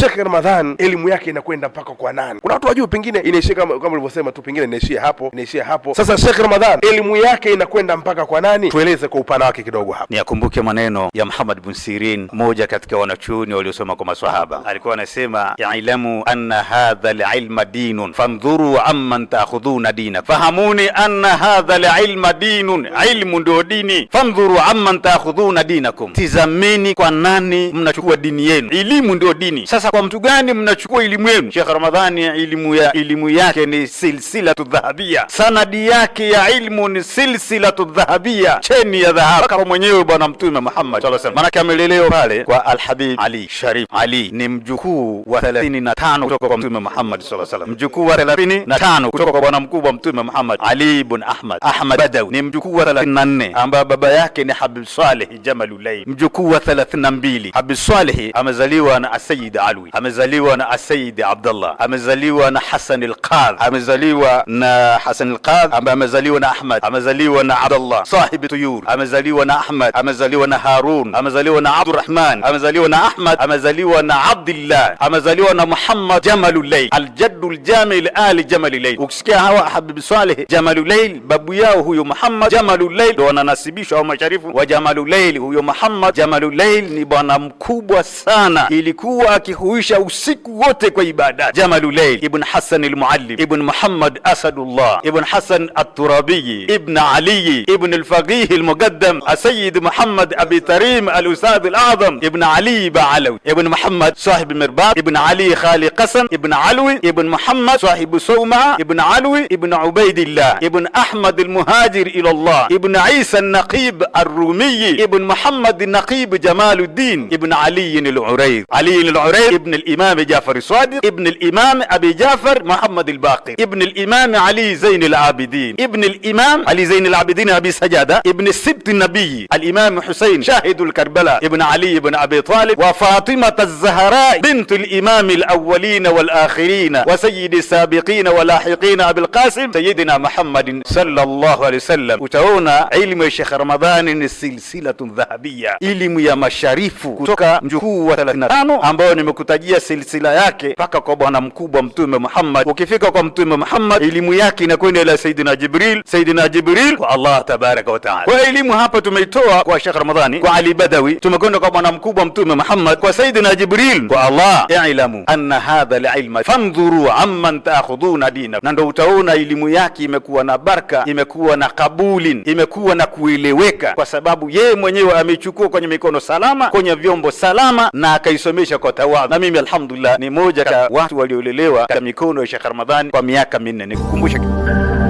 Sheikh Ramadhan elimu yake inakwenda mpaka kwa nani? Kuna watu wajua, pengine inaishia kama kama ulivyosema tu, pengine inaishia hapo, inaishia hapo. Sasa Sheikh Ramadhan elimu yake inakwenda mpaka kwa nani? Tueleze kwa upana wake kidogo hapa. niakumbuke maneno ya Muhammad bin Sirin, mmoja katika wanachuoni waliosoma kwa maswahaba, alikuwa anasema ilamu anna hadha lilma dinun fandhuru amman taakhudhuna dina, fahamuni anna hadha lilma dinun, ilmu ndio dini. Fandhuru amman takhudhuna dinakum, tizameni kwa nani mnachukua dini yenu. Elimu ndio dini. Sasa kwa mtu gani mnachukua elimu yenu? Sheikh Ramadhani elimu ya elimu yake ni silsilatu dhahabia, sanadi yake ya ilmu ni silsilatu dhahabia, cheni ya dhahabu kama mwenyewe Bwana Mtume Muhammad sallallahu alaihi wasallam. Maana kamelelewa pale kwa Alhabib Ali Sharif. Ali ni mjukuu wa 35 kutoka kwa Mtume Muhammad sallallahu alaihi wasallam, mjukuu wa 35 kutoka kwa bwana mkubwa Mtume Muhammad. Ali ibn Ahmad Ahmad Badawi ni mjukuu wa 34 ambaye baba yake ni Habib Saleh Jamalulayn, mjukuu wa 32. Habib Saleh amezaliwa na Asayid Ali Almarwi, amezaliwa na Asaidi Abdullah, amezaliwa na Hasan Alqadh, amezaliwa na Hasan Alqadh, amezaliwa na Ahmad, amezaliwa na Abdullah sahibi Tuyur, amezaliwa na Ahmad, amezaliwa na Harun, amezaliwa na Abdurrahman, amezaliwa na Ahmad, amezaliwa na Abdillah, amezaliwa na Muhammad Jamalullail, aljaddu ljami liali Jamalullail. Ukisikia hawa Habibu Saleh Jamalullail, babu yao huyo Muhammad Jamalullail ndo wananasibishwa au masharifu wa Jamalullail. Huyo Muhammad Jamalullail ni bwana mkubwa sana, ilikuwa akihu kuisha usiku wote kwa ibada. Jamaluleil ibn Hasan al-Muallim ibn Muhammad Asadullah ibn Hasan al-Turabi ibn Ali ibn al-Faqih al-Muqaddam Sayyid Muhammad Abi Tarim al-Ustad al-Azam ibn Ali Ba'alawi ibn Muhammad sahib Mirbab ibn Ali Khali Qasan ibn Alwi ibn Muhammad sahib Sawma ibn Alwi ibn Ubaidillah ibn Ahmad al-Muhajir ila Allah ibn Isa al-Naqib al-Rumi ibn Muhammad al-Naqib Jamaluddin ibn Ali al-Urayth Ali al-Urayth ابن الإمام جعفر الصادق ابن الإمام أبي جعفر محمد الباقر ابن الإمام علي زين العابدين ابن الإمام علي زين العابدين أبي سجادة ابن السبت النبي الإمام حسين شاهد الكربلاء ابن علي بن أبي طالب وفاطمة الزهراء بنت الإمام الأولين والآخرين وسيد السابقين ولاحقين أبي القاسم سيدنا محمد صلى الله عليه وسلم utaona علم الشيخ رمضان السلسله الذهبيه علم يا مشاريف كتوكا masharifu kutoka mjukuu 35 ambao nimekuta kutajia silsila yake mpaka kwa bwana mkubwa Mtume Muhammad. Ukifika kwa Mtume Muhammad, elimu yake inakwenda ila Saidina Jibril, sayidina Jibril kwa Allah tabaraka wa taala. Kwa elimu hapa tumeitoa kwa Sheikh Ramadhani, kwa Ali Badawi, tumekwenda kwa bwana mkubwa Mtume Muhammad, kwa sayidina Jibril, kwa Allah. Ilamu anna hadha alilma fandhuru amman taakhudhuna dina, na ndo utaona elimu yake imekuwa na baraka, imekuwa na kabulin, imekuwa na kueleweka, kwa sababu yeye mwenyewe ameichukua kwenye mikono salama, kwenye vyombo salama, na akaisomesha kwa tawadhu na mimi alhamdulillah ni moja ya watu waliolelewa katika mikono ya Sheikh Ramadhani kwa miaka minne. Nikukumbusha